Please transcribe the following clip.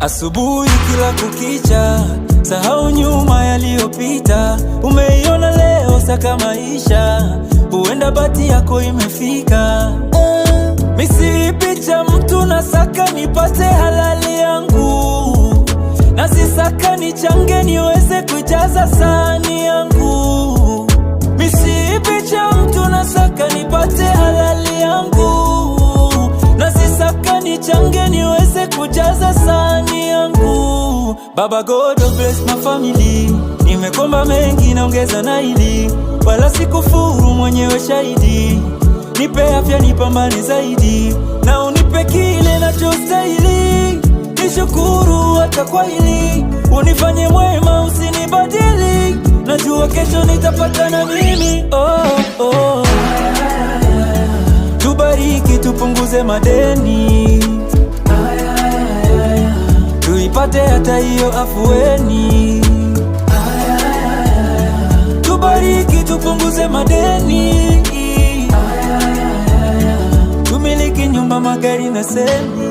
Asubuhi kila kukicha, sahau nyuma yaliyopita. Umeiona leo saka maisha, huenda bati yako imefika. Misi picha mtu na saka nipate halali yangu, na sisaka nichange niweze kujaza sani yangu. Misi picha mtu na saka nipate halali yangu, na sisaka nichange niweze kujaza sani Baba God bless my family. Nimekomba mengi naongeza na hili, wala sikufuru, mwenyewe shahidi. Nipe afya nipambane zaidi, na unipe kile nachostahili. Nishukuru hata kwa hili, unifanye mwema usinibadili. Najua kesho nitapata na mimi. Oh, oh. Tubariki tupunguze madeni tupate hata hiyo afueni. Tubariki, tupunguze madeni, tumiliki nyumba, magari na semi.